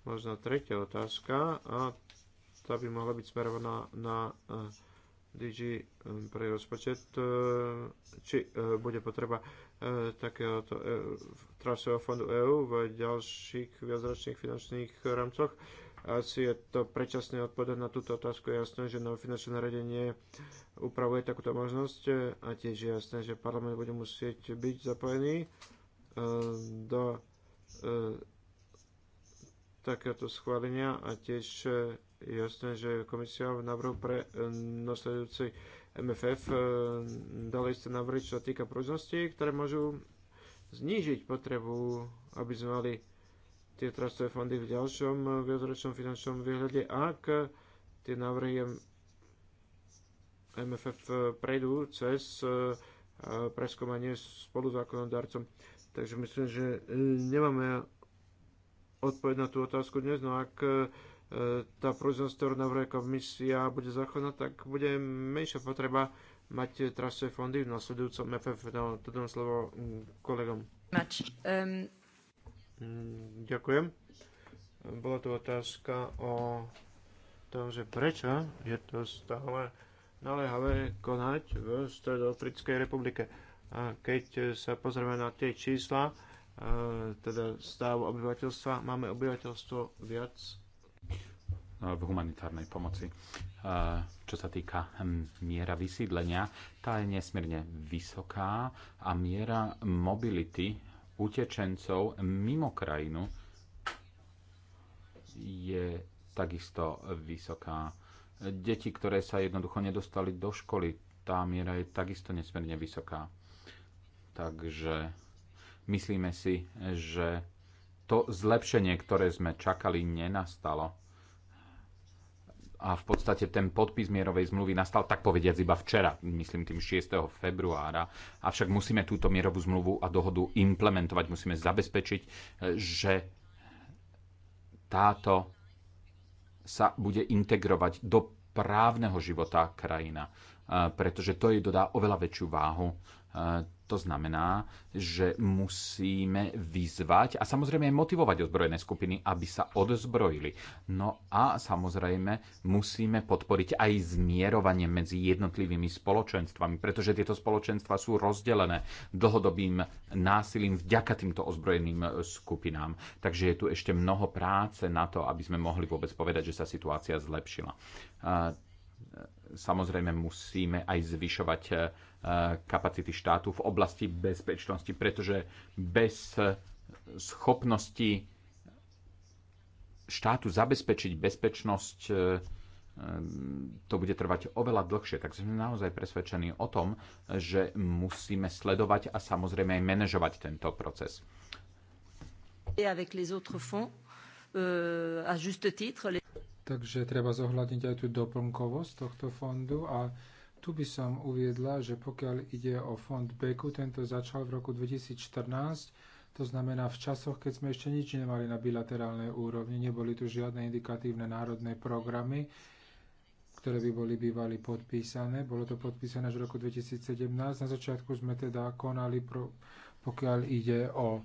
možno tretia otázka a tá by mohla byť smerovaná na, na eh, DG um, pre rozpočet, uh, či uh, bude potreba uh, takéhoto trasového fondu EÚ v ďalších viacročných finančných rámcoch. Asi je to predčasné odpovedať na túto otázku. Je jasné, že nové finančné nariadenie upravuje takúto možnosť a tiež je jasné, že parlament bude musieť byť zapojený do takéhoto schválenia a tiež jasné, že komisia v návrhu pre e, nasledujúci MFF e, dali ste návrhy, čo sa týka prúžnosti, ktoré môžu znížiť potrebu, aby sme mali tie trastové fondy v ďalšom e, viacročnom finančnom výhľade, ak tie návrhy MFF prejdú cez preskomanie spolu zákonodárcom. Takže myslím, že nemáme odpoveď na tú otázku dnes, no ak E, tá prúznosť, ktorú navrhuje komisia, bude zachovaná, tak bude menšia potreba mať trasové fondy v nasledujúcom FF. No, to dám slovo mm, kolegom. Um... Ďakujem. Bola tu otázka o tom, že prečo je to stále naliehavé konať v Stredoafrickej republike. A keď sa pozrieme na tie čísla, e, teda stav obyvateľstva, máme obyvateľstvo viac v humanitárnej pomoci. Čo sa týka miera vysídlenia, tá je nesmierne vysoká a miera mobility utečencov mimo krajinu je takisto vysoká. Deti, ktoré sa jednoducho nedostali do školy, tá miera je takisto nesmierne vysoká. Takže myslíme si, že to zlepšenie, ktoré sme čakali, nenastalo a v podstate ten podpis mierovej zmluvy nastal tak povediac iba včera, myslím tým 6. februára. Avšak musíme túto mierovú zmluvu a dohodu implementovať, musíme zabezpečiť, že táto sa bude integrovať do právneho života krajina, pretože to jej dodá oveľa väčšiu váhu to znamená, že musíme vyzvať a samozrejme motivovať ozbrojené skupiny, aby sa odzbrojili. No a samozrejme musíme podporiť aj zmierovanie medzi jednotlivými spoločenstvami, pretože tieto spoločenstva sú rozdelené dlhodobým násilím vďaka týmto ozbrojeným e, skupinám. Takže je tu ešte mnoho práce na to, aby sme mohli vôbec povedať, že sa situácia zlepšila samozrejme musíme aj zvyšovať e, kapacity štátu v oblasti bezpečnosti, pretože bez e, schopnosti štátu zabezpečiť bezpečnosť e, to bude trvať oveľa dlhšie. Tak sme naozaj presvedčení o tom, že musíme sledovať a samozrejme aj manažovať tento proces. Et avec les autres fonds, euh, à juste titre, les... Takže treba zohľadniť aj tú doplnkovosť tohto fondu a tu by som uviedla, že pokiaľ ide o fond Beku, tento začal v roku 2014, to znamená v časoch, keď sme ešte nič nemali na bilaterálnej úrovni, neboli tu žiadne indikatívne národné programy, ktoré by boli bývali podpísané. Bolo to podpísané až v roku 2017. Na začiatku sme teda konali, pro, pokiaľ ide o e,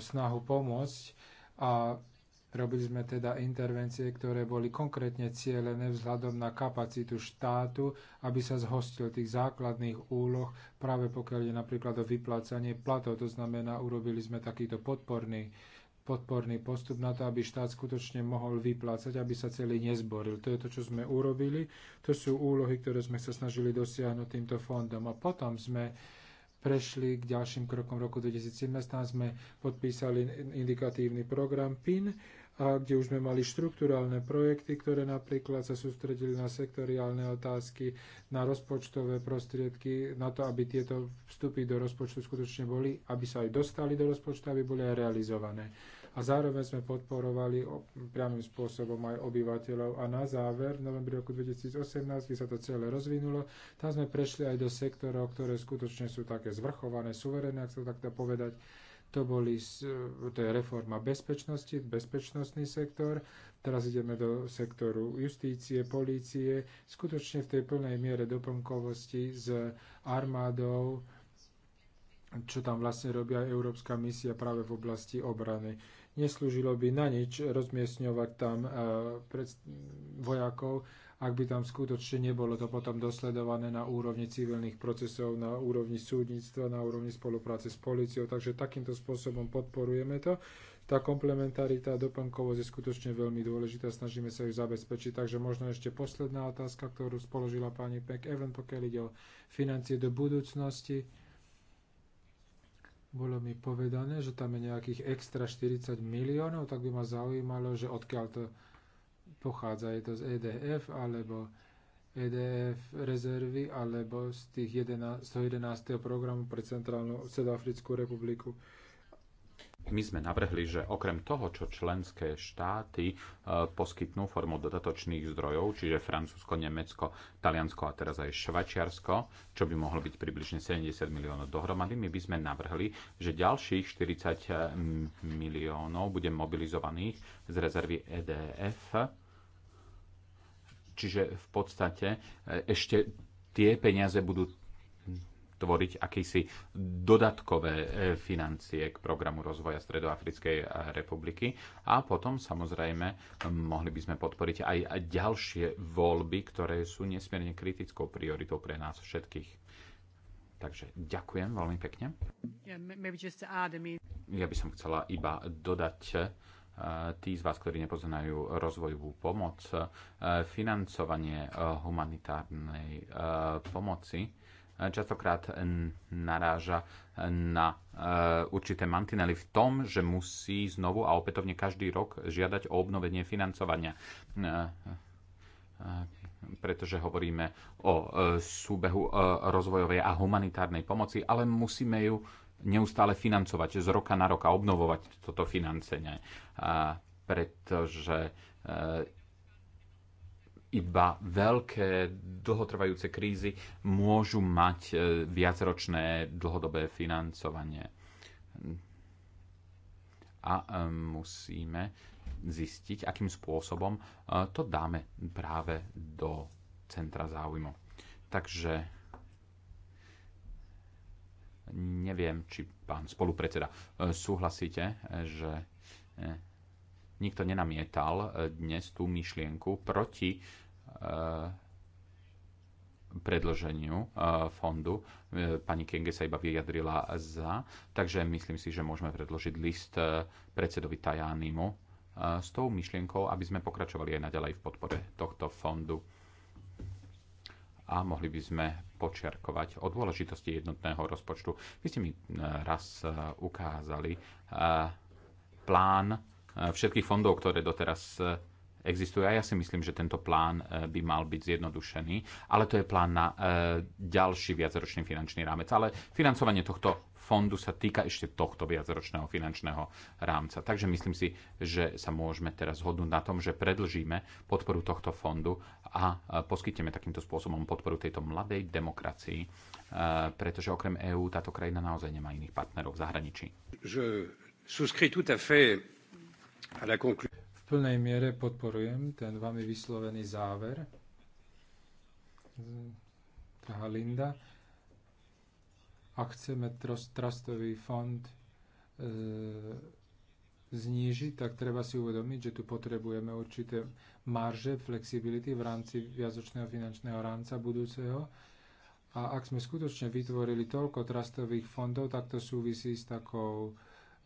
snahu pomôcť a Robili sme teda intervencie, ktoré boli konkrétne cielené vzhľadom na kapacitu štátu, aby sa zhostil tých základných úloh, práve pokiaľ je napríklad o vyplácanie platov. To znamená, urobili sme takýto podporný podporný postup na to, aby štát skutočne mohol vyplácať, aby sa celý nezboril. To je to, čo sme urobili. To sú úlohy, ktoré sme sa snažili dosiahnuť týmto fondom. A potom sme prešli k ďalším krokom roku 2017. Tam sme podpísali indikatívny program PIN, kde už sme mali štruktúrálne projekty, ktoré napríklad sa sústredili na sektoriálne otázky, na rozpočtové prostriedky, na to, aby tieto vstupy do rozpočtu skutočne boli, aby sa aj dostali do rozpočtu, aby boli aj realizované. A zároveň sme podporovali priamým spôsobom aj obyvateľov. A na záver, v novembri roku 2018, kde sa to celé rozvinulo, tam sme prešli aj do sektorov, ktoré skutočne sú také zvrchované, suverené, ak sa to takto povedať, to, boli, to je reforma bezpečnosti, bezpečnostný sektor. Teraz ideme do sektoru justície, polície, skutočne v tej plnej miere doplnkovosti s armádou, čo tam vlastne robia Európska misia práve v oblasti obrany. Neslúžilo by na nič rozmiestňovať tam eh, vojakov, ak by tam skutočne nebolo to potom dosledované na úrovni civilných procesov, na úrovni súdnictva, na úrovni spolupráce s policiou. Takže takýmto spôsobom podporujeme to. Tá komplementarita a doplnkovosť je skutočne veľmi dôležitá, snažíme sa ju zabezpečiť. Takže možno ešte posledná otázka, ktorú spoložila pani Peck-Even, pokiaľ ide o financie do budúcnosti. Bolo mi povedané, že tam je nejakých extra 40 miliónov, tak by ma zaujímalo, že odkiaľ to pochádza. Je to z EDF alebo EDF rezervy alebo z tých 11, 111. programu pre Centrálnu Sedoafrickú republiku. My sme navrhli, že okrem toho, čo členské štáty e, poskytnú formou dodatočných zdrojov, čiže Francúzsko, Nemecko, Taliansko a teraz aj Švačiarsko, čo by mohlo byť približne 70 miliónov dohromady, my by sme navrhli, že ďalších 40 mm, miliónov bude mobilizovaných z rezervy EDF Čiže v podstate e, ešte tie peniaze budú tvoriť akýsi dodatkové e, financie k programu rozvoja Stredoafrickej e, republiky. A potom samozrejme mohli by sme podporiť aj ďalšie voľby, ktoré sú nesmierne kritickou prioritou pre nás všetkých. Takže ďakujem veľmi pekne. Ja by som chcela iba dodať, tí z vás, ktorí nepoznajú rozvojovú pomoc, e, financovanie e, humanitárnej e, pomoci častokrát naráža na určité mantinely v tom, že musí znovu a opätovne každý rok žiadať o obnovenie financovania pretože hovoríme o súbehu rozvojovej a humanitárnej pomoci, ale musíme ju neustále financovať z roka na roka, obnovovať toto financenie, pretože e, iba veľké dlhotrvajúce krízy môžu mať e, viacročné dlhodobé financovanie. A e, musíme zistiť, akým spôsobom to dáme práve do centra záujmu. Takže Neviem, či pán spolupredseda e, súhlasíte, e, že e, nikto nenamietal dnes tú myšlienku proti predloženiu fondu. Pani Kenge sa iba vyjadrila za, takže myslím si, že môžeme predložiť list predsedovi Tajánimu s tou myšlienkou, aby sme pokračovali aj naďalej v podpore tohto fondu a mohli by sme počiarkovať o dôležitosti jednotného rozpočtu. Vy ste mi eh, raz eh, ukázali eh, plán všetkých fondov, ktoré doteraz existujú. A ja si myslím, že tento plán by mal byť zjednodušený, ale to je plán na ďalší viacročný finančný rámec. Ale financovanie tohto fondu sa týka ešte tohto viacročného finančného rámca. Takže myslím si, že sa môžeme teraz zhodnúť na tom, že predlžíme podporu tohto fondu a poskytneme takýmto spôsobom podporu tejto mladej demokracii, e, pretože okrem EÚ táto krajina naozaj nemá iných partnerov v zahraničí. V plnej miere podporujem ten vami vyslovený záver. Tá Linda ak chceme trustový fond e, znížiť, tak treba si uvedomiť, že tu potrebujeme určité marže, flexibility v rámci viazočného finančného rámca budúceho. A ak sme skutočne vytvorili toľko trastových fondov, tak to súvisí s takou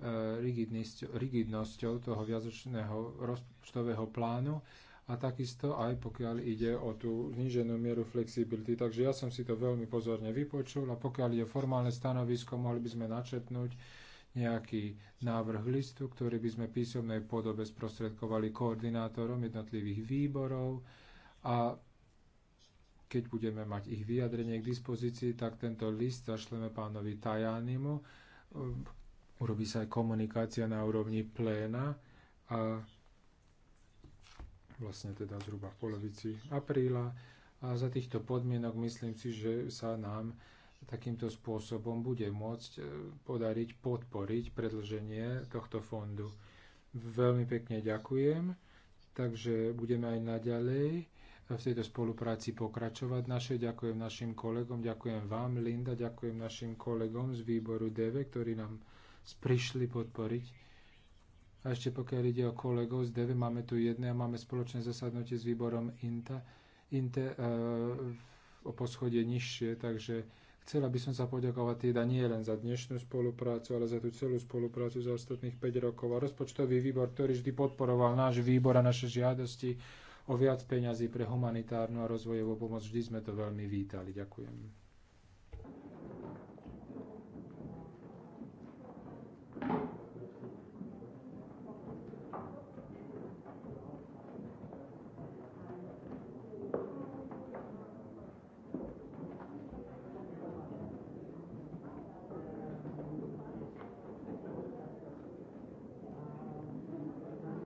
e, rigidnosťou toho viazočného rozpočtového plánu a takisto aj pokiaľ ide o tú zníženú mieru flexibility. Takže ja som si to veľmi pozorne vypočul a pokiaľ je formálne stanovisko, mohli by sme načetnúť nejaký návrh listu, ktorý by sme písomnej podobe sprostredkovali koordinátorom jednotlivých výborov a keď budeme mať ich vyjadrenie k dispozícii, tak tento list zašleme pánovi Tajánimu. Urobí sa aj komunikácia na úrovni pléna a vlastne teda zhruba v polovici apríla. A za týchto podmienok myslím si, že sa nám takýmto spôsobom bude môcť e, podariť podporiť predlženie tohto fondu. Veľmi pekne ďakujem, takže budeme aj naďalej e, v tejto spolupráci pokračovať. Naše ďakujem našim kolegom, ďakujem vám, Linda, ďakujem našim kolegom z výboru DV, ktorí nám prišli podporiť a ešte pokiaľ ide o kolegov z DV, máme tu jedné a máme spoločné zasadnutie s výborom INTA, INTE e, o poschodie nižšie, takže chcela by som sa poďakovať teda nie len za dnešnú spoluprácu, ale za tú celú spoluprácu za ostatných 5 rokov. A rozpočtový výbor, ktorý vždy podporoval náš výbor a naše žiadosti o viac peňazí pre humanitárnu a rozvojovú pomoc, vždy sme to veľmi vítali. Ďakujem.